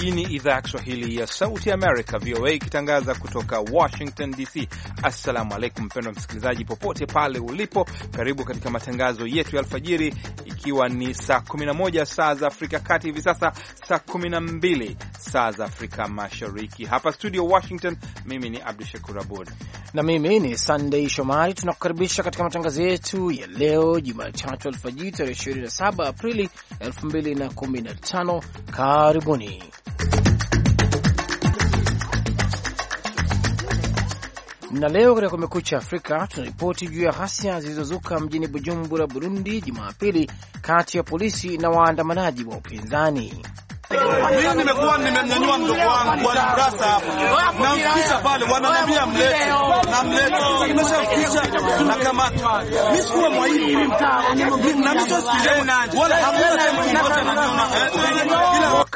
Hii ni idhaa ya Kiswahili ya Sauti Amerika, VOA, ikitangaza kutoka Washington DC. Assalamu alaikum, mpendwa msikilizaji, popote pale ulipo, karibu katika matangazo yetu ya alfajiri, ikiwa ni saa 11 saa za Afrika Kati hivi sasa, saa 12 saa za Afrika Mashariki. Hapa studio Washington, mimi ni Abdu Shakur Abud na mimi ni Sandei Shomari. Tunakukaribisha katika matangazo yetu ya leo Jumatatu alfajiri, tarehe 27 Aprili 2015. Karibuni. Na leo katika Kumekucha Afrika tunaripoti juu ya ghasia zilizozuka mjini Bujumbura, Burundi, Jumapili, kati ya polisi na waandamanaji wa upinzani. Mimi nimekuwa nimemnyanyua mdogo wangu pale, wananiambia mlete, nimeshafikisha na kamata. Mimi sikuwa mwaibu na mimi wala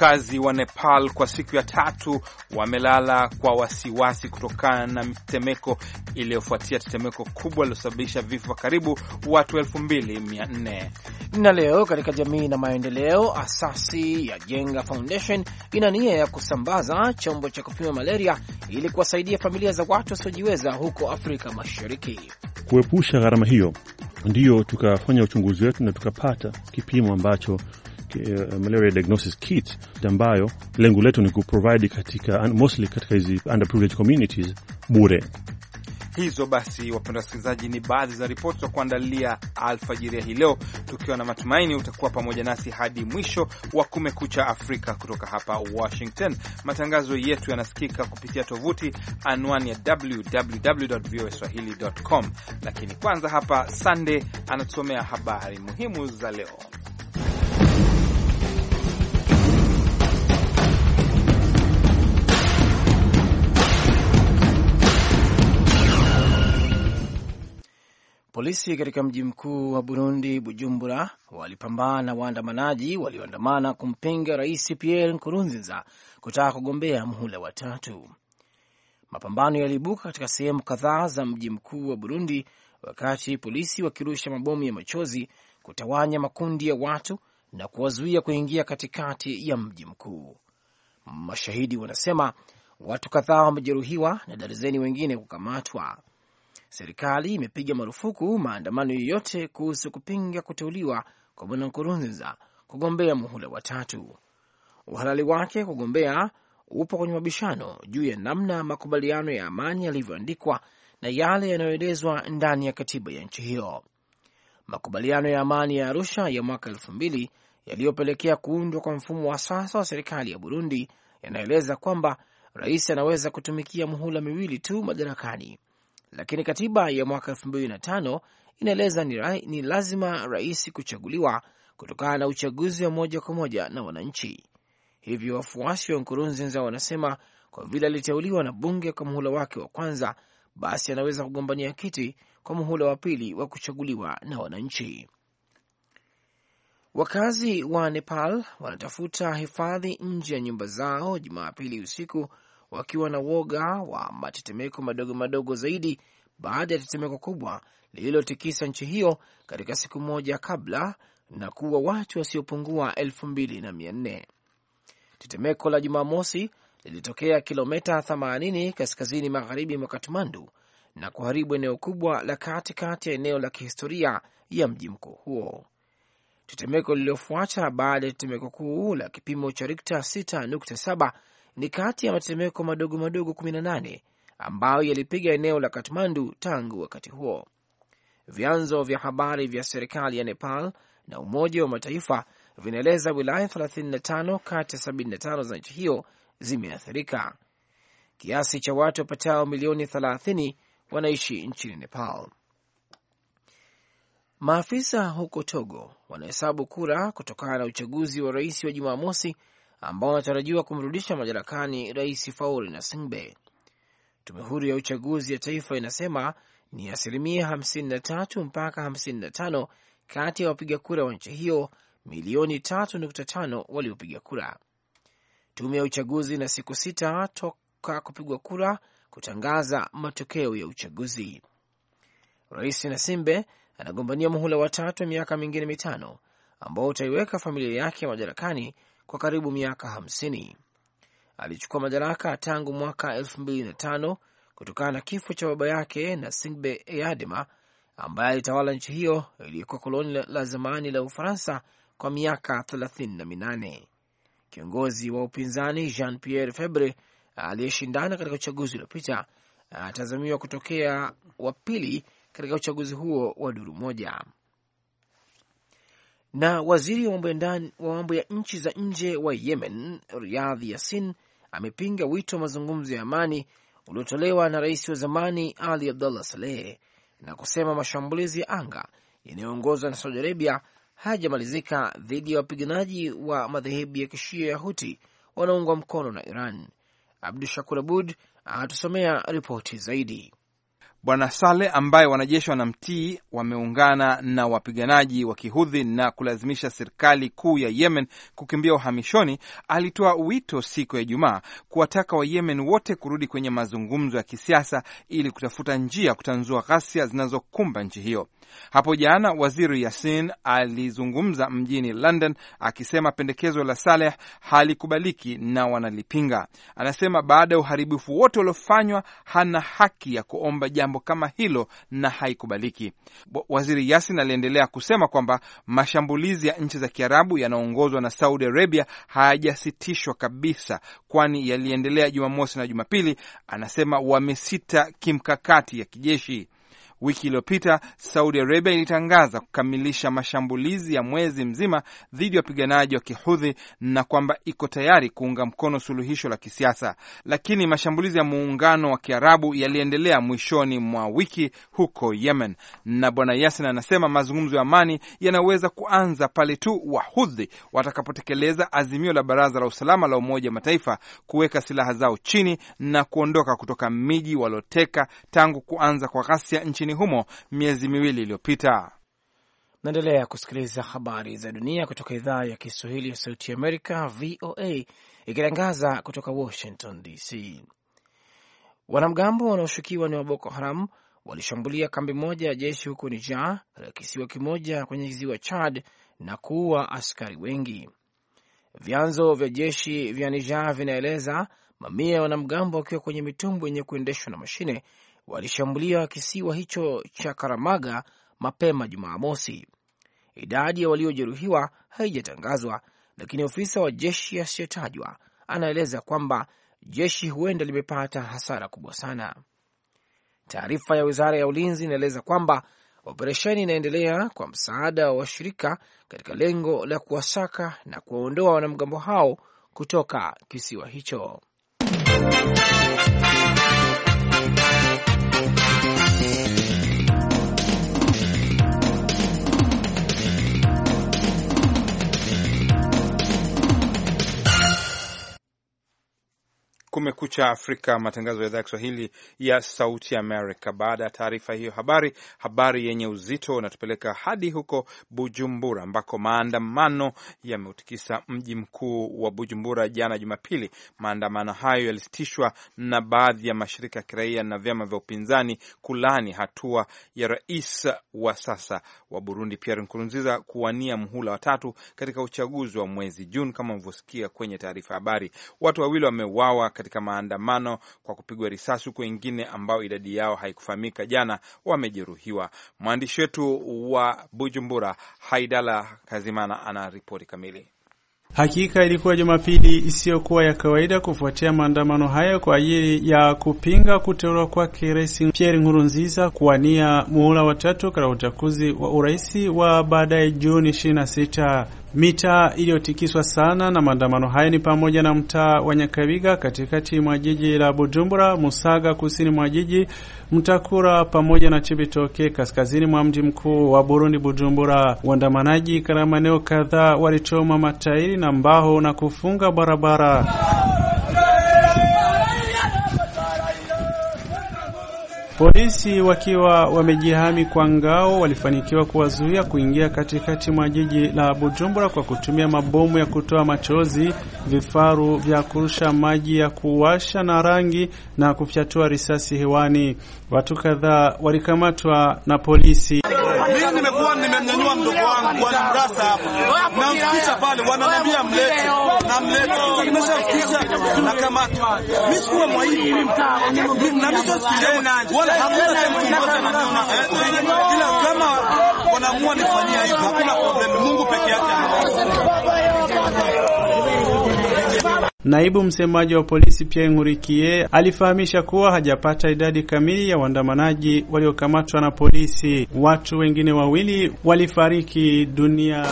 Wakazi wa Nepal kwa siku ya tatu wamelala kwa wasiwasi kutokana na mtetemeko iliyofuatia tetemeko kubwa lililosababisha vifo karibu watu 2400. Na leo katika jamii na maendeleo, asasi ya Jenga Foundation ina nia ya kusambaza chombo cha kupima malaria ili kuwasaidia familia za watu wasiojiweza huko Afrika Mashariki kuepusha gharama hiyo. Ndiyo tukafanya uchunguzi wetu na tukapata kipimo ambacho Eh, malaria diagnosis kit ambayo lengo letu ni kuprovide katika mostly katika hizi underprivileged communities bure. Hizo basi, wapenda wasikilizaji, ni baadhi za ripoti za kuandalia alfajiri hii leo, tukiwa na matumaini utakuwa pamoja nasi hadi mwisho wa Kumekucha Afrika kutoka hapa Washington. Matangazo yetu yanasikika kupitia tovuti anwani ya www.voaswahili.com, lakini kwanza hapa Sande anatusomea habari muhimu za leo. Polisi katika mji mkuu wa Burundi, Bujumbura, walipambana na waandamanaji walioandamana kumpinga Rais Pierre Nkurunziza kutaka kugombea mhula wa tatu. Mapambano yaliibuka katika sehemu kadhaa za mji mkuu wa Burundi, wakati polisi wakirusha mabomu ya machozi kutawanya makundi ya watu na kuwazuia kuingia katikati ya mji mkuu. Mashahidi wanasema watu kadhaa wamejeruhiwa na darizeni wengine kukamatwa serikali imepiga marufuku maandamano yoyote kuhusu kupinga kuteuliwa kwa bwana Nkurunziza kugombea muhula wa tatu. Uhalali wake kugombea upo kwenye mabishano juu ya namna makubaliano ya amani yalivyoandikwa na yale yanayoelezwa ndani ya katiba ya nchi hiyo. Makubaliano ya amani ya Arusha ya mwaka elfu mbili yaliyopelekea kuundwa kwa mfumo wa sasa wa serikali ya Burundi yanaeleza kwamba rais anaweza kutumikia muhula miwili tu madarakani lakini katiba ya mwaka tano inaeleza ni, ni lazima rais kuchaguliwa kutokana na uchaguzi wa moja kwa moja na wananchi. Hivyo wafuasi wa Nkurunziza wanasema kwa vile aliteuliwa na bunge kwa muhula wake wa kwanza, basi anaweza kugombania kiti kwa muhula wa pili wa kuchaguliwa na wananchi. Wakazi wa Nepal wanatafuta hifadhi nje ya nyumba zao Jumapili usiku wakiwa na woga wa matetemeko madogo madogo zaidi baada ya tetemeko kubwa lililotikisa nchi hiyo katika siku moja kabla na kuwa watu wasiopungua elfu mbili na mia nne. Tetemeko la Jumamosi lilitokea kilomita 80 kaskazini magharibi mwa Katmandu na kuharibu eneo kubwa la katikati ya eneo la kihistoria ya mji mkuu huo. Tetemeko lililofuata baada ya tetemeko kuu la kipimo cha Rikta 6.7 ni kati ya matetemeko madogo madogo 18 ambayo yalipiga eneo la Katmandu tangu wakati huo. Vyanzo vya habari vya serikali ya Nepal na Umoja wa Mataifa vinaeleza wilaya 35 kati ya 75 za nchi hiyo zimeathirika. Kiasi cha watu wapatao milioni 30 wanaishi nchini Nepal. Maafisa huko Togo wanahesabu kura kutokana na uchaguzi wa rais wa Jumamosi ambao wanatarajiwa kumrudisha madarakani Rais Fauri na Singbe. Tume huru ya uchaguzi ya taifa inasema ni asilimia 53 mpaka 55 kati ya wapiga kura wa nchi hiyo milioni 3.5 waliopiga kura. Tume ya uchaguzi ina siku sita toka kupigwa kura kutangaza matokeo ya uchaguzi. Rais Nasimbe anagombania muhula watatu wa miaka mingine mitano ambao utaiweka familia yake madarakani kwa karibu miaka hamsini. Alichukua madaraka tangu mwaka tano kutokana na kifo cha baba yake na Singbe Eyadema ambaye alitawala nchi hiyo iliyokuwa koloni la zamani la Ufaransa kwa miaka na minane Kiongozi wa upinzani Jean Pierre Febre aliyeshindana katika uchaguzi uliopita atazamiwa kutokea wa pili katika uchaguzi huo wa duru moja. Na waziri wa mambo ya nchi za nje wa Yemen Riyadh Yasin amepinga wito wa mazungumzo ya amani uliotolewa na rais wa zamani Ali Abdullah Saleh na kusema mashambulizi ya anga yanayoongozwa na Saudi Arabia hayajamalizika dhidi ya wapiganaji wa madhehebu ya kishia ya Huti wanaungwa mkono na Iran. Abdu Shakur Abud anatusomea ripoti zaidi. Bwana Saleh ambaye wanajeshi wanamtii wameungana na wapiganaji wa kihudhi na kulazimisha serikali kuu ya Yemen kukimbia uhamishoni, alitoa wito siku ya Ijumaa kuwataka Wayemen wote kurudi kwenye mazungumzo ya kisiasa ili kutafuta njia ya kutanzua ghasia zinazokumba nchi hiyo. Hapo jana waziri Yasin alizungumza mjini London akisema pendekezo la Saleh halikubaliki na wanalipinga. Anasema baada ya uharibifu wote uliofanywa, hana haki ya kuomba jambo kama hilo na haikubaliki. Waziri Yasin aliendelea kusema kwamba mashambulizi ya nchi za Kiarabu yanaongozwa na Saudi Arabia hayajasitishwa kabisa, kwani yaliendelea Jumamosi na Jumapili. Anasema wamesita kimkakati ya kijeshi. Wiki iliyopita Saudi Arabia ilitangaza kukamilisha mashambulizi ya mwezi mzima dhidi ya wapiganaji wa Kihudhi na kwamba iko tayari kuunga mkono suluhisho la kisiasa, lakini mashambulizi ya muungano wa Kiarabu yaliendelea mwishoni mwa wiki huko Yemen, na Bwana Yasin anasema mazungumzo ya amani yanaweza kuanza pale tu Wahudhi watakapotekeleza azimio la Baraza la Usalama la Umoja wa Mataifa kuweka silaha zao chini na kuondoka kutoka miji walioteka tangu kuanza kwa ghasia nchini nchini humo miezi miwili iliyopita. Naendelea kusikiliza habari za dunia kutoka idhaa ya Kiswahili ya Sauti Amerika, VOA, ikitangaza kutoka Washington DC. Wanamgambo wanaoshukiwa ni wa Boko Haram walishambulia kambi moja ya jeshi huko Nija, katika kisiwa kimoja kwenye ziwa Chad na kuua askari wengi. Vyanzo vya jeshi vya Nija vinaeleza mamia ya wanamgambo wakiwa kwenye mitumbwi yenye kuendeshwa na mashine walishambulia kisiwa hicho cha Karamaga mapema Jumamosi. Idadi ya waliojeruhiwa haijatangazwa, lakini ofisa wa jeshi asiyotajwa anaeleza kwamba jeshi huenda limepata hasara kubwa sana. Taarifa ya wizara ya ulinzi inaeleza kwamba operesheni inaendelea kwa msaada wa washirika katika lengo la kuwasaka na kuwaondoa wanamgambo hao kutoka kisiwa hicho. Kumekucha Afrika, matangazo ya idhaa ya Kiswahili ya Sauti Amerika. Baada ya taarifa hiyo habari, habari yenye uzito unatupeleka hadi huko Bujumbura ambako maandamano yameutikisa mji mkuu wa Bujumbura jana Jumapili. Maandamano hayo yalisitishwa na baadhi ya mashirika ya kiraia na vyama vya upinzani kulani hatua ya rais wa sasa wa Burundi Pierre Nkurunziza kuwania mhula watatu katika uchaguzi wa mwezi Juni, kama mlivyosikia kwenye taarifa habari. Watu wawili wameuawa katika maandamano kwa kupigwa risasi, huku wengine ambao idadi yao haikufahamika jana wamejeruhiwa. Mwandishi wetu wa Bujumbura, Haidala Kazimana, ana ripoti kamili. Hakika ilikuwa Jumapili isiyokuwa ya kawaida kufuatia maandamano hayo kwa ajili ya kupinga kuteuliwa kwake Rais Pierre Nkurunziza kuwania muhula watatu katika uchaguzi wa urais wa baadaye Juni 26. Mitaa iliyotikiswa sana na maandamano hayo ni pamoja na mtaa wa Nyakabiga katikati mwa jiji la Bujumbura, Musaga kusini mwa jiji, Mtakura pamoja na Chibitoke kaskazini mwa mji mkuu wa Burundi, Bujumbura. Waandamanaji katika maeneo kadhaa walichoma matairi na mbao na kufunga barabara. Polisi wakiwa wamejihami kwa ngao walifanikiwa kuwazuia kuingia katikati mwa jiji la Bujumbura kwa kutumia mabomu ya kutoa machozi, vifaru vya kurusha maji ya kuwasha na rangi na kufyatua risasi hewani. Watu kadhaa walikamatwa na polisi. Mimi nimekuwa nimemnyanyua mdogo wangu, wanamrasa hapa, namfikisha pale, wananiambia mlete Naibu msemaji wa polisi Pierre Ngurikie alifahamisha kuwa hajapata idadi kamili ya waandamanaji waliokamatwa na polisi. Watu wengine wawili walifariki dunia.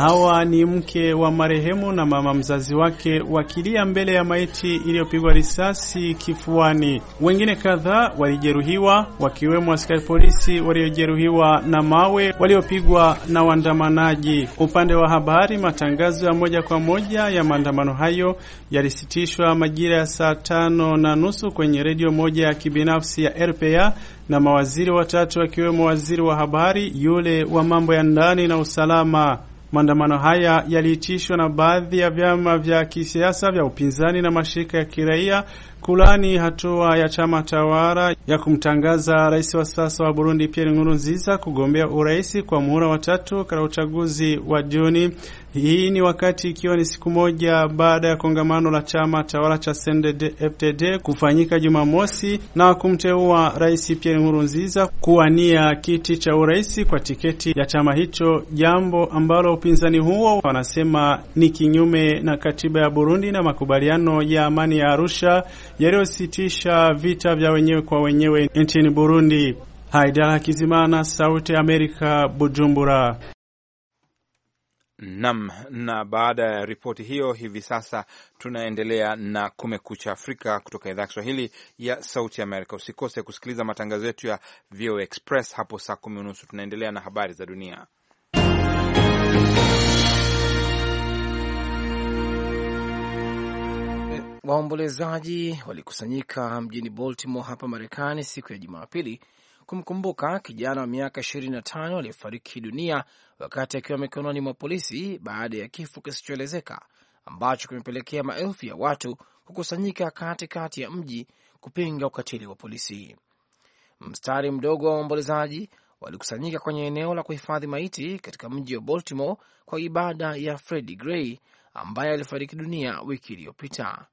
Hawa ni mke wa marehemu na mama mzazi wake wakilia mbele ya maiti iliyopigwa risasi kifuani. Wengine kadhaa walijeruhiwa, wakiwemo askari polisi waliojeruhiwa na mawe waliopigwa na waandamanaji. Upande wa habari, matangazo ya moja kwa moja ya maandamano hayo yalisitishwa majira ya saa tano na nusu kwenye redio moja ya kibinafsi ya RPA na mawaziri watatu wakiwemo waziri wa habari, yule wa mambo ya ndani na usalama Maandamano haya yaliitishwa na baadhi ya vyama vya kisiasa vya upinzani na mashirika ya kiraia kulani hatua ya chama tawala ya kumtangaza rais wa sasa wa Burundi Pierre Nkurunziza kugombea urais kwa muhula watatu katika uchaguzi wa Juni hii ni wakati ikiwa ni siku moja baada ya kongamano la chama tawala cha CNDD-FDD kufanyika Jumamosi na kumteua Rais Pierre Nkurunziza kuwania kiti cha urais kwa tiketi ya chama hicho, jambo ambalo upinzani huo wanasema ni kinyume na katiba ya Burundi na makubaliano ya amani ya Arusha yaliyositisha vita vya wenyewe kwa wenyewe nchini Burundi. Haidara Kizimana, Sauti ya Amerika, Bujumbura. Nam, na baada ya ripoti hiyo, hivi sasa tunaendelea na Kumekucha Afrika kutoka idhaa ya Kiswahili ya Sauti Amerika. Usikose kusikiliza matangazo yetu ya VOA Express hapo saa kumi unusu. Tunaendelea na habari za dunia. Waombolezaji walikusanyika mjini Baltimore hapa Marekani siku ya Jumapili kumkumbuka kijana wa miaka 25 aliyefariki dunia wakati akiwa mikononi mwa polisi baada ya kifo kisichoelezeka ambacho kimepelekea maelfu ya watu kukusanyika katikati ya mji kupinga ukatili wa polisi. Mstari mdogo wa waombolezaji walikusanyika kwenye eneo la kuhifadhi maiti katika mji wa Baltimore kwa ibada ya Freddie Gray ambaye alifariki dunia wiki iliyopita.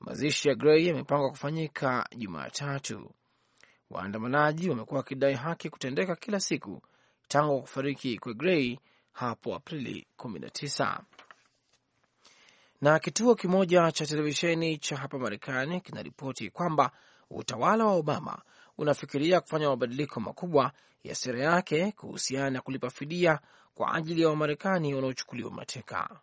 Mazishi ya Gray yamepangwa kufanyika Jumatatu. Waandamanaji wamekuwa wakidai haki kutendeka kila siku tangu kufariki kwa Gray hapo Aprili 19. Na kituo kimoja cha televisheni cha hapa Marekani kinaripoti kwamba utawala wa Obama unafikiria kufanya mabadiliko makubwa ya sera yake kuhusiana na kulipa fidia kwa ajili ya Wamarekani wanaochukuliwa mateka.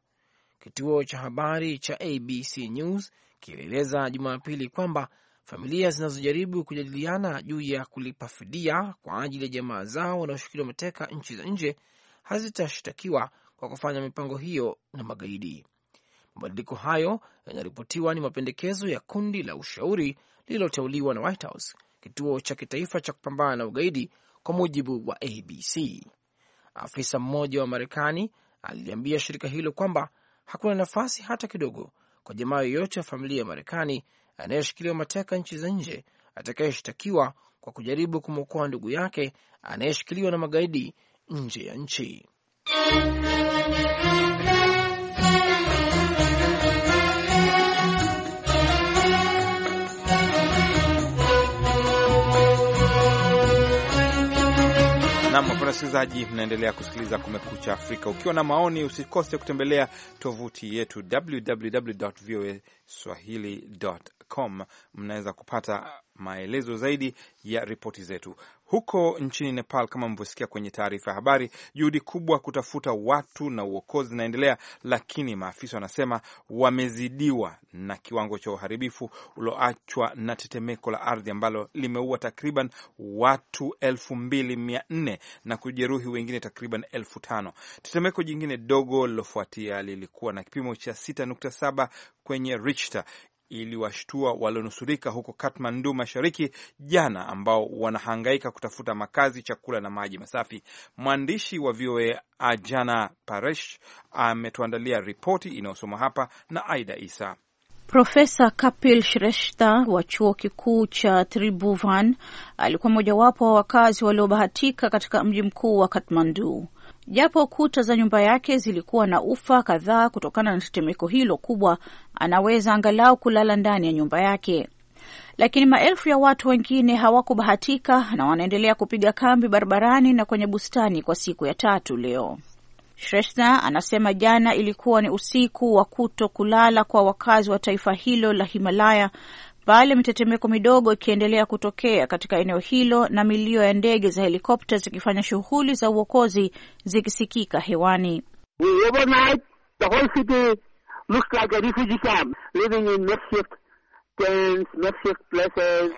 Kituo cha habari cha ABC News kilieleza Jumapili kwamba Familia zinazojaribu kujadiliana juu ya kulipa fidia kwa ajili ya jamaa zao wanaoshikiliwa mateka nchi za nje hazitashtakiwa kwa kufanya mipango hiyo na magaidi. Mabadiliko hayo yanaripotiwa ni mapendekezo ya kundi la ushauri lililoteuliwa na White House, kituo cha kitaifa cha kupambana na ugaidi, kwa mujibu wa ABC. Afisa mmoja wa Marekani aliliambia shirika hilo kwamba hakuna nafasi hata kidogo kwa jamaa yoyote ya familia ya Marekani anayeshikiliwa mateka nchi za nje atakayeshtakiwa kwa kujaribu kumwokoa ndugu yake anayeshikiliwa na magaidi nje ya nchi. Nam, wasikilizaji, mnaendelea kusikiliza Kumekucha Afrika. Ukiwa na maoni, usikose kutembelea tovuti yetu www voa swahili com mnaweza kupata maelezo zaidi ya ripoti zetu. Huko nchini Nepal, kama mlivyosikia kwenye taarifa ya habari, juhudi kubwa kutafuta watu na uokozi zinaendelea, lakini maafisa wanasema wamezidiwa na kiwango cha uharibifu ulioachwa na tetemeko la ardhi ambalo limeua takriban watu elfu mbili mia nne na kujeruhi wengine takriban elfu tano. Tetemeko jingine dogo lilofuatia lilikuwa na kipimo cha 6.7 kwenye Richter iliwashtua walionusurika huko Kathmandu mashariki jana, ambao wanahangaika kutafuta makazi, chakula na maji masafi. Mwandishi wa VOA Ajana Paresh ametuandalia ripoti inayosoma hapa na Aida Isa. Profesa Kapil Shrestha wa chuo kikuu cha Tribhuvan alikuwa mojawapo wa wakazi waliobahatika katika mji mkuu wa Kathmandu. Japo kuta za nyumba yake zilikuwa na ufa kadhaa kutokana na tetemeko hilo kubwa, anaweza angalau kulala ndani ya nyumba yake. Lakini maelfu ya watu wengine hawakubahatika na wanaendelea kupiga kambi barabarani na kwenye bustani kwa siku ya tatu leo. Shrestha anasema jana ilikuwa ni usiku wa kuto kulala kwa wakazi wa taifa hilo la Himalaya pale mitetemeko midogo ikiendelea kutokea katika eneo hilo na milio ya ndege za helikopta zikifanya shughuli za uokozi zikisikika hewani. The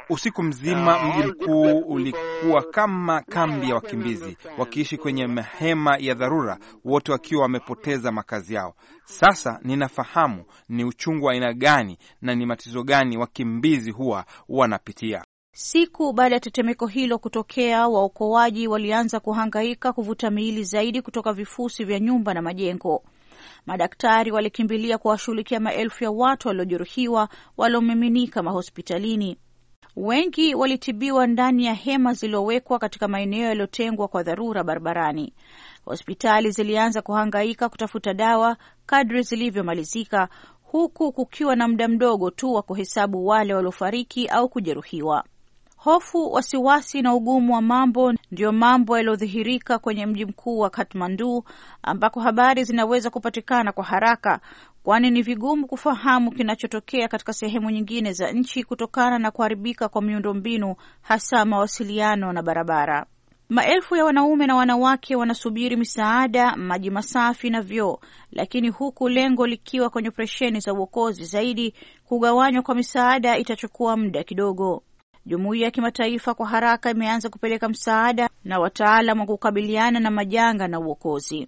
Usiku mzima mji mkuu ulikuwa kama kambi ya wakimbizi wakiishi kwenye mahema ya dharura, wote wakiwa wamepoteza makazi yao. Sasa ninafahamu ni uchungu wa aina gani na ni matatizo gani wakimbizi huwa wanapitia. Siku baada ya tetemeko hilo kutokea, waokoaji walianza kuhangaika kuvuta miili zaidi kutoka vifusi vya nyumba na majengo. Madaktari walikimbilia kuwashughulikia maelfu ya watu waliojeruhiwa waliomiminika mahospitalini. Wengi walitibiwa ndani ya hema zilizowekwa katika maeneo yaliyotengwa kwa dharura barabarani. Hospitali zilianza kuhangaika kutafuta dawa kadri zilivyomalizika, huku kukiwa na muda mdogo tu wa kuhesabu wale waliofariki au kujeruhiwa. Hofu, wasiwasi na ugumu wa mambo ndiyo mambo yaliyodhihirika kwenye mji mkuu wa Kathmandu, ambako habari zinaweza kupatikana kwa haraka, kwani ni vigumu kufahamu kinachotokea katika sehemu nyingine za nchi kutokana na kuharibika kwa miundombinu, hasa mawasiliano na barabara. Maelfu ya wanaume na wanawake wanasubiri misaada, maji masafi na vyoo, lakini huku lengo likiwa kwenye operesheni za uokozi zaidi, kugawanywa kwa misaada itachukua muda kidogo. Jumuiya ya kimataifa kwa haraka imeanza kupeleka msaada na wataalam wa kukabiliana na majanga na uokozi.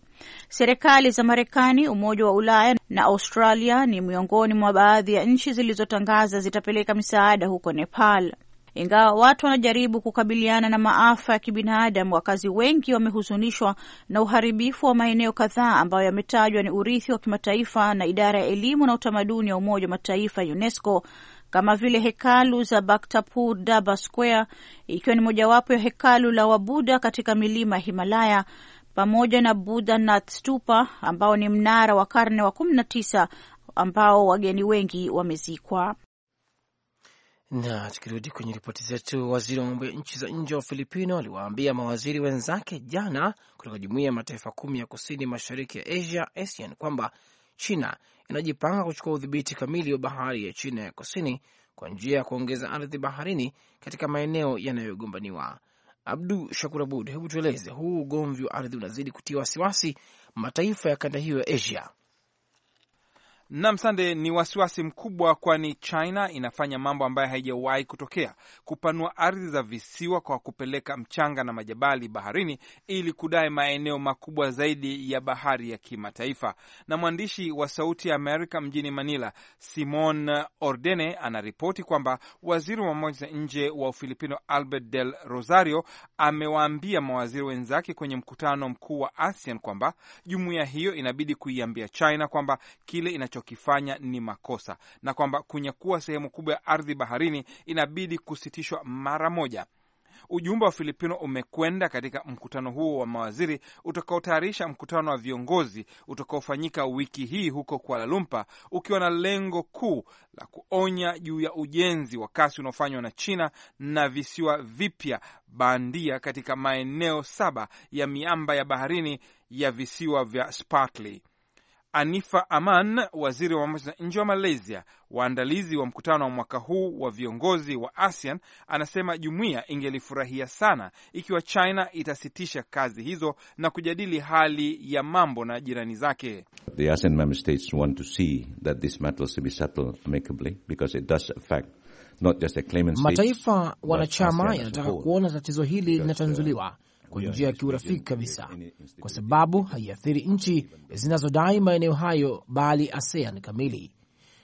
Serikali za Marekani, Umoja wa Ulaya na Australia ni miongoni mwa baadhi ya nchi zilizotangaza zitapeleka misaada huko Nepal. Ingawa watu wanajaribu kukabiliana na maafa ya kibinadamu, wakazi wengi wamehuzunishwa na uharibifu wa maeneo kadhaa ambayo yametajwa ni urithi wa kimataifa na idara ya elimu na utamaduni ya Umoja wa Mataifa, UNESCO, kama vile hekalu za Baktapur Daba Square, ikiwa ni mojawapo ya hekalu la wabuda katika milima ya Himalaya, pamoja na Buddha Nath Stupa ambao ni mnara wa karne wa kumi na tisa ambao wageni wengi wamezikwa. Na tukirudi kwenye ripoti zetu, waziri wa mambo ya nchi za nje wa Filipino aliwaambia mawaziri wenzake jana kutoka jumuiya ya mataifa kumi ya kusini mashariki ya Asia, ASEAN, kwamba China inajipanga kuchukua udhibiti kamili wa bahari ya China ya kusini kwa njia ya kuongeza ardhi baharini katika maeneo yanayogombaniwa. Abdu Shakur Abud, hebu tueleze, huu ugomvi wa ardhi unazidi kutia wasiwasi mataifa ya kanda hiyo ya Asia. Nam sande, ni wasiwasi mkubwa, kwani China inafanya mambo ambayo haijawahi kutokea, kupanua ardhi za visiwa kwa kupeleka mchanga na majabali baharini ili kudai maeneo makubwa zaidi ya bahari ya kimataifa. Na mwandishi wa Sauti ya Amerika mjini Manila, Simon Ordene, anaripoti kwamba waziri wa mambo ya nje wa Ufilipino Albert Del Rosario amewaambia mawaziri wenzake kwenye mkutano mkuu wa ASEAN kwamba jumuiya hiyo inabidi kuiambia China kwamba kile inacho wanalokifanya ni makosa na kwamba kunyakua sehemu kubwa ya ardhi baharini inabidi kusitishwa mara moja. Ujumbe wa Filipino umekwenda katika mkutano huo wa mawaziri utakaotayarisha mkutano wa viongozi utakaofanyika wiki hii huko Kuala Lumpur, ukiwa na lengo kuu la kuonya juu ya ujenzi wa kasi unaofanywa na China na visiwa vipya bandia katika maeneo saba ya miamba ya baharini ya visiwa vya Spratly. Anifa Aman, waziri wa mambo ya nje wa Malaysia, waandalizi wa mkutano wa mwaka huu wa viongozi wa ASEAN, anasema jumuiya ingelifurahia sana ikiwa China itasitisha kazi hizo na kujadili hali ya mambo na jirani zake. The ASEAN member states want to see that this matter be settled amicably because it does affect not just the claimant states. Mataifa wanachama yanataka kuona tatizo hili uh, linatanzuliwa kwa njia ya kiurafiki kabisa, kwa sababu haiathiri nchi zinazodai maeneo hayo, bali ASEAN kamili,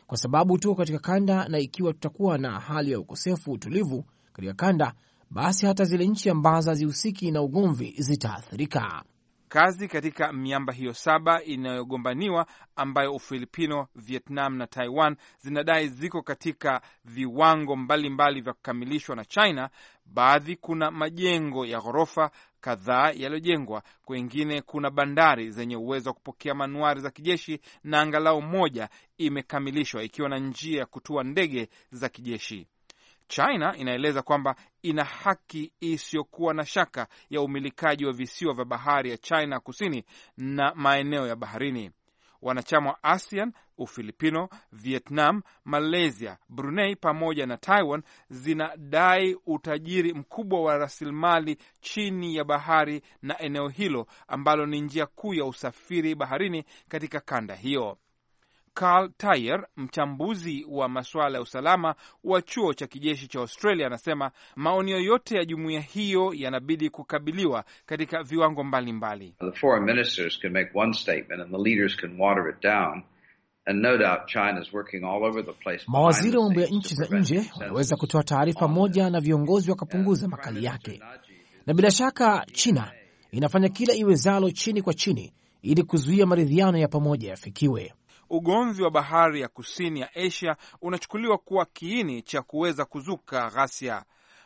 kwa sababu tuko katika kanda, na ikiwa tutakuwa na hali ya ukosefu utulivu katika kanda, basi hata zile nchi ambazo hazihusiki na ugomvi zitaathirika. Kazi katika miamba hiyo saba inayogombaniwa ambayo Ufilipino, Vietnam na Taiwan zinadai ziko katika viwango mbalimbali mbali vya kukamilishwa na China. Baadhi kuna majengo ya ghorofa, kadhaa yaliyojengwa. Kwengine kuna bandari zenye uwezo wa kupokea manuari za kijeshi na angalau moja imekamilishwa ikiwa na njia ya kutua ndege za kijeshi. China inaeleza kwamba ina haki isiyokuwa na shaka ya umilikaji wa visiwa vya bahari ya China kusini na maeneo ya baharini. Wanachama wa ASEAN, Ufilipino, Vietnam, Malaysia, Brunei pamoja na Taiwan zinadai utajiri mkubwa wa rasilimali chini ya bahari na eneo hilo ambalo ni njia kuu ya usafiri baharini katika kanda hiyo. Carl tyer mchambuzi wa masuala ya usalama wa chuo cha kijeshi cha Australia, anasema maoni yoyote ya jumuiya hiyo yanabidi kukabiliwa katika viwango mbalimbali mbali. mawaziri wa mambo ya nchi za nje wanaweza kutoa taarifa moja na viongozi wakapunguza makali yake, na bila shaka China inafanya kila iwezalo chini kwa chini ili kuzuia maridhiano ya pamoja yafikiwe ugomvi wa bahari ya kusini ya Asia unachukuliwa kuwa kiini cha kuweza kuzuka ghasia.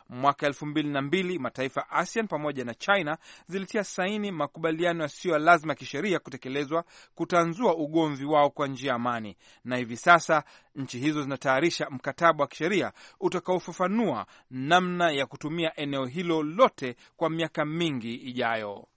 Mwaka elfu mbili na mbili mataifa ya ASEAN pamoja na China zilitia saini makubaliano yasiyo ya lazima ya kisheria kutekelezwa kutanzua ugomvi wao kwa njia ya amani, na hivi sasa nchi hizo zinatayarisha mkataba wa kisheria utakaofafanua namna ya kutumia eneo hilo lote kwa miaka mingi ijayo.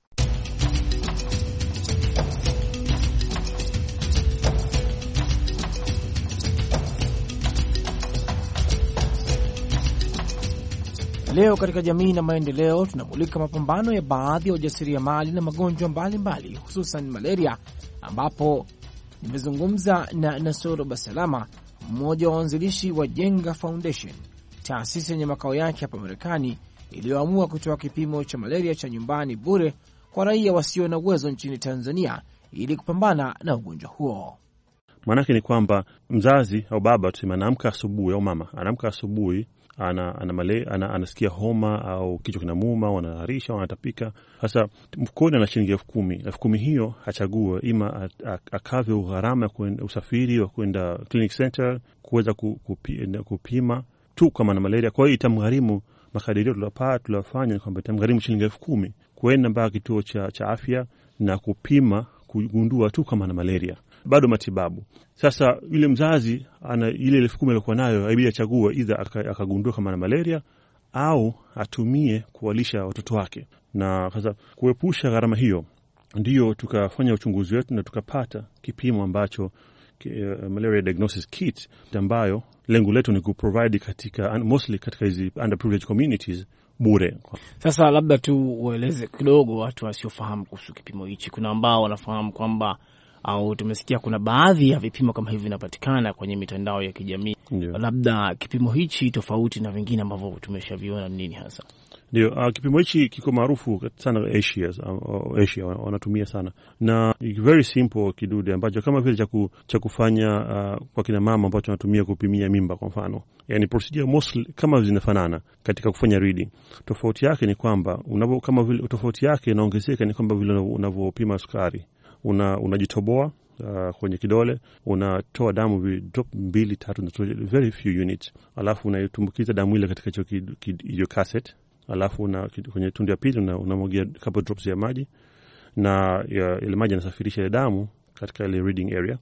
Leo katika jamii na maendeleo tunamulika mapambano ya baadhi ya wajasiriamali na magonjwa mbalimbali hususan malaria, ambapo nimezungumza na Nasoro Basalama, mmoja wa waanzilishi wa Jenga Foundation, taasisi yenye makao yake hapa Marekani iliyoamua kutoa kipimo cha malaria cha nyumbani bure kwa raia wasio na uwezo nchini Tanzania ili kupambana na ugonjwa huo. Maanake ni kwamba mzazi au baba tuseme, anaamka asubuhi au mama anaamka asubuhi ana, ana, male, ana, anasikia homa au kichwa kinamuuma, wanaharisha, wanatapika. Sasa mfukoni ana shilingi elfu kumi. Elfu kumi hiyo achague ima akavye gharama ya usafiri wa kwenda clinic center kuweza kupima, kupima tu kama na malaria. Kwa hiyo itamgharimu, makadirio tulapaa tulafanya ni kwamba itamgharimu shilingi elfu kumi kwenda mpaka kituo cha, cha afya na kupima kugundua tu kama na malaria bado matibabu. Sasa yule mzazi ana ile elfu kumi aliokuwa nayo, aibidi achague, idha akagundua kama na malaria au atumie kuwalisha watoto wake, na sasa kuepusha gharama hiyo, ndiyo tukafanya uchunguzi wetu na tukapata kipimo ambacho eh, malaria diagnosis kit ambayo lengo letu ni kuprovide katika mostly katika hizi underprivileged communities bure. Sasa labda tu ueleze kidogo watu wasiofahamu kuhusu kipimo hichi. Kuna ambao wanafahamu kwamba au tumesikia kuna baadhi ya vipimo kama hivi vinapatikana kwenye mitandao ya kijamii yeah. Labda kipimo hichi tofauti na vingine ambavyo tumeshaviona nini hasa? Ndio, uh, kipimo hichi kiko maarufu sana Asia, uh, Asia wanatumia sana na very simple kidude ambacho kama vile cha kufanya uh, kwa kina mama ambacho wanatumia kupimia mimba kwa mfano, yani procedure mostly kama zinafanana katika kufanya reading. Tofauti yake ni kwamba unapo, kama vile tofauti yake inaongezeka ni kwamba vile unavyopima sukari unajitoboa una uh, kwenye kidole unatoa damu vidrop mbili tatu, very few units, alafu unaitumbukiza damu ile katika hiyo cassette, alafu una, kwenye tundu ya pili unamwagia una couple drops ya maji na ile maji anasafirisha ile damu katika ile reading area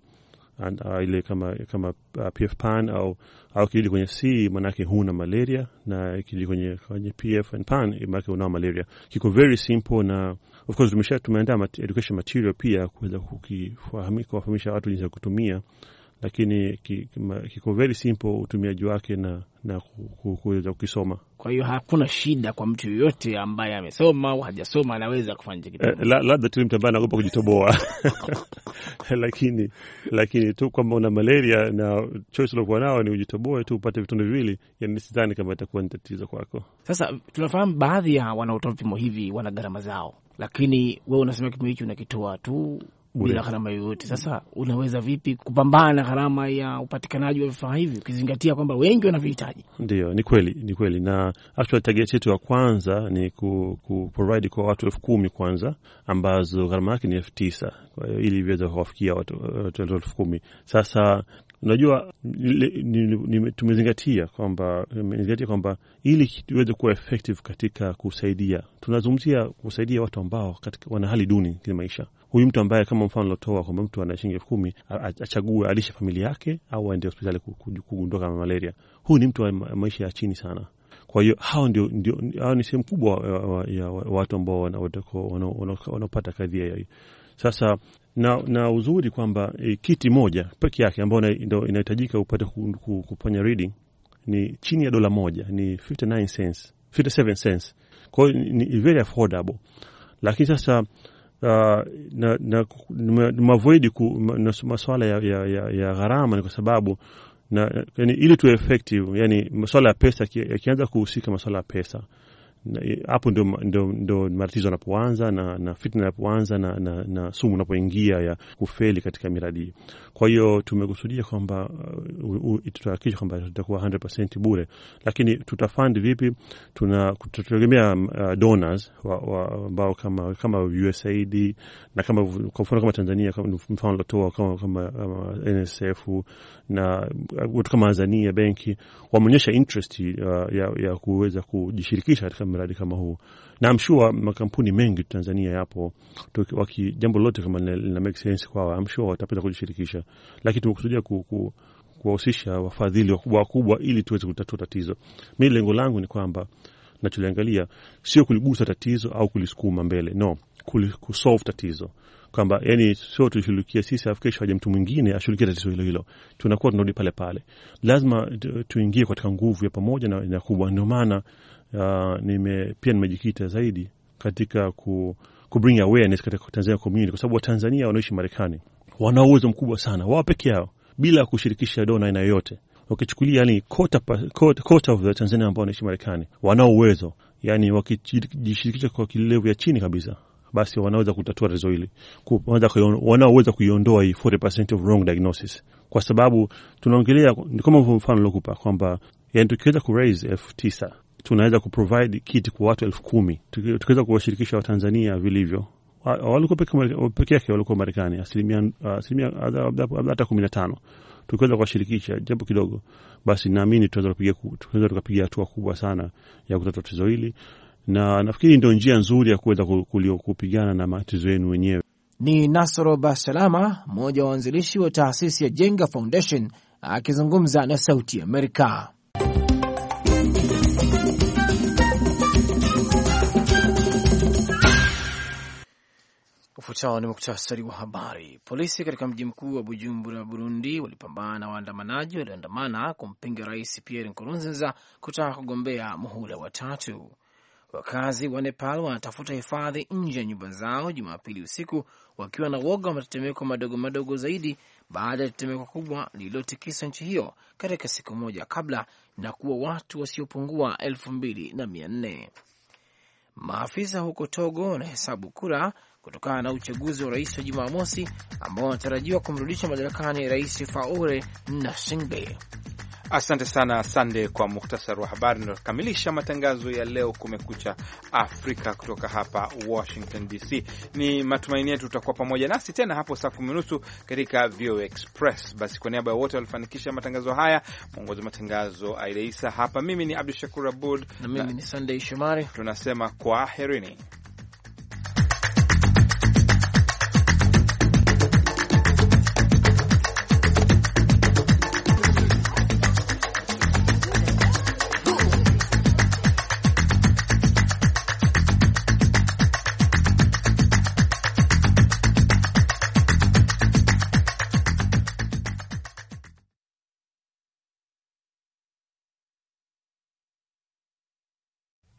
and, uh, ile kama, kama uh, PF pan au, au kirudi kwenye C manake huna malaria, na kirudi kwenye, kwenye PF and pan manake unao malaria. Kiko very simple na Of course tumesha tumeandaa mat education material pia kuweza kuwafahamisha watu jinsi ya kutumia, lakini kiko ki, very simple utumiaji wake na, na kuweza kukisoma. Kwa hiyo hakuna shida kwa mtu yoyote ambaye amesoma au hajasoma, anaweza kufanya kitu eh, labda tu mtu ambaye anaogopa kujitoboa lakini lakini tu kwamba una malaria na choice uliokuwa nao ni ujitoboe tu upate vitundu viwili, yani sidhani kama itakuwa ni tatizo kwako. Sasa tunafahamu baadhi ya wanaotoa vipimo hivi wana gharama zao, lakini wewe unasema kipimo hichi unakitoa tu bila gharama yoyote. Sasa unaweza vipi kupambana na gharama ya upatikanaji wa vifaa hivi ukizingatia kwamba wengi wanavyohitaji Ndio, ni kweli, ni kweli, na actual target yetu ya kwanza ni ku, ku provide kwa watu elfu kumi kwanza ambazo gharama yake ni elfu tisa kwa hiyo ili iweze kuwafikia watu elfu kumi. Sasa Unajua, tumezingatia kwamba tumezingatia kwamba ili iweze kuwa effective katika kusaidia, tunazungumzia kusaidia watu ambao katika wana hali duni kimaisha. Huyu mtu ambaye kama mfano lotoa kwamba mtu ana shilingi elfu kumi achague alishe familia yake au aende hospitali kugundua kama malaria, huyu ni mtu wa maisha ya chini sana. Kwa hiyo hao ndio, ndio, hao ni sehemu kubwa ya watu ambao wanaopata kadhia hiyo. Sasa na, na uzuri kwamba e, kiti moja peke yake ambayo ndo inahitajika upate kufanya reading ni chini ya dola moja, ni 59 cents, 57 cents. Kwa hiyo ni very affordable, lakini sasa Uh, na, na, mavoidi masuala ya, ya, ya, ya gharama ni kwa sababu na, yani, ili tuwe effective yani masuala ya pesa yakianza kuhusika masuala ya pesa Eh, hapo ndio, ndo, ndo matatizo yanapoanza na, na fitna yanapoanza na, na, na sumu unapoingia ya kufeli katika miradi hii. Kwa hiyo tumekusudia kwamba uh, tutahakikisha kwamba tutakuwa 100% bure, lakini tutafund vipi? Tutategemea um, uh, donors ambao kama, kama USAID na kama kwa mfano kama Tanzania mfano lotoa kama, kama uh, NSF na watu kama Azania benki wameonyesha interest uh, ya, ya kuweza kujishirikisha katika mradi kama huu, na I'm sure makampuni mengi Tanzania yapo waki, jambo lolote kama lina make sense kwao, I'm sure watapenda kujishirikisha, lakini tumekusudia ku, ku, kuwahusisha wafadhili wakubwa wakubwa ili tuweze kutatua tatizo. Mi lengo langu ni kwamba nacholiangalia sio kuligusa tatizo au kulisukuma mbele, no, kusolve tatizo kwamba yani sio tushughulikie sisi afu kesho aje mtu mwingine ashughulikie tatizo hilo hilo, tunakuwa tunarudi pale pale. Lazima tuingie katika nguvu ya pamoja na, na kubwa. Ndio maana uh, nime, pia nimejikita zaidi katika ku, ku bring awareness katika Tanzania community, kwa sababu Watanzania wanaoishi Marekani wana uwezo mkubwa sana wao peke yao bila kushirikisha dona aina yoyote. Wakichukulia yani kota of the Tanzania ambao wanaishi Marekani wanao uwezo yani, wakijishirikisha kwa kilevu ya chini kabisa basi wanaweza kutatua tatizo hili, wanaoweza kuiondoa hii 40% of wrong diagnosis, kwa sababu tunaongelea ni kama mfano lokupa kwamba yani, tukiweza ku raise elfu tisa tunaweza kuprovide kiti kwa watu elfu kumi tukiweza kuwashirikisha Watanzania vilivyo. Walikuwa peke yake, walikuwa Marekani asilimia hata kumi na tano. Tukiweza kuwashirikisha jambo kidogo, basi naamini tunaweza tukapiga hatua kubwa sana ya kutatua tatizo hili, na nafikiri ndio njia nzuri ya kuweza kupigana na matatizo yenu wenyewe. Ni Nasoro Basalama, mmoja wa waanzilishi wa taasisi ya Jenga Foundation akizungumza na Sauti Amerika. Ufuatao ni muktasari wa habari. Polisi katika mji mkuu wa Bujumbura, Burundi, walipambana na waandamanaji walioandamana kumpinga Rais Pierre Nkurunziza kutaka kugombea muhula wa tatu. Wakazi wa Nepal wanatafuta hifadhi nje ya nyumba zao Jumapili usiku wakiwa na woga wa matetemeko madogo madogo zaidi baada ya tetemeko kubwa lililotikisa nchi hiyo katika siku moja kabla na kuwa watu wasiopungua elfu mbili na mia nne. Maafisa huko Togo wanahesabu kura kutokana na uchaguzi wa rais wa Jumamosi ambao wanatarajiwa kumrudisha madarakani Rais Faure Gnassingbe. Asante sana Sande kwa muhtasari wa habari. Nakamilisha matangazo ya leo Kumekucha Afrika kutoka hapa Washington DC. Ni matumaini yetu utakuwa pamoja nasi tena hapo saa kumi nusu katika VOA Express. Basi kwa niaba ya wote walifanikisha matangazo haya, mwongozi wa matangazo Aida Isa hapa, mimi ni Abdu Shakur Abud na mimi ni Sandei Shomari, tunasema kwa herini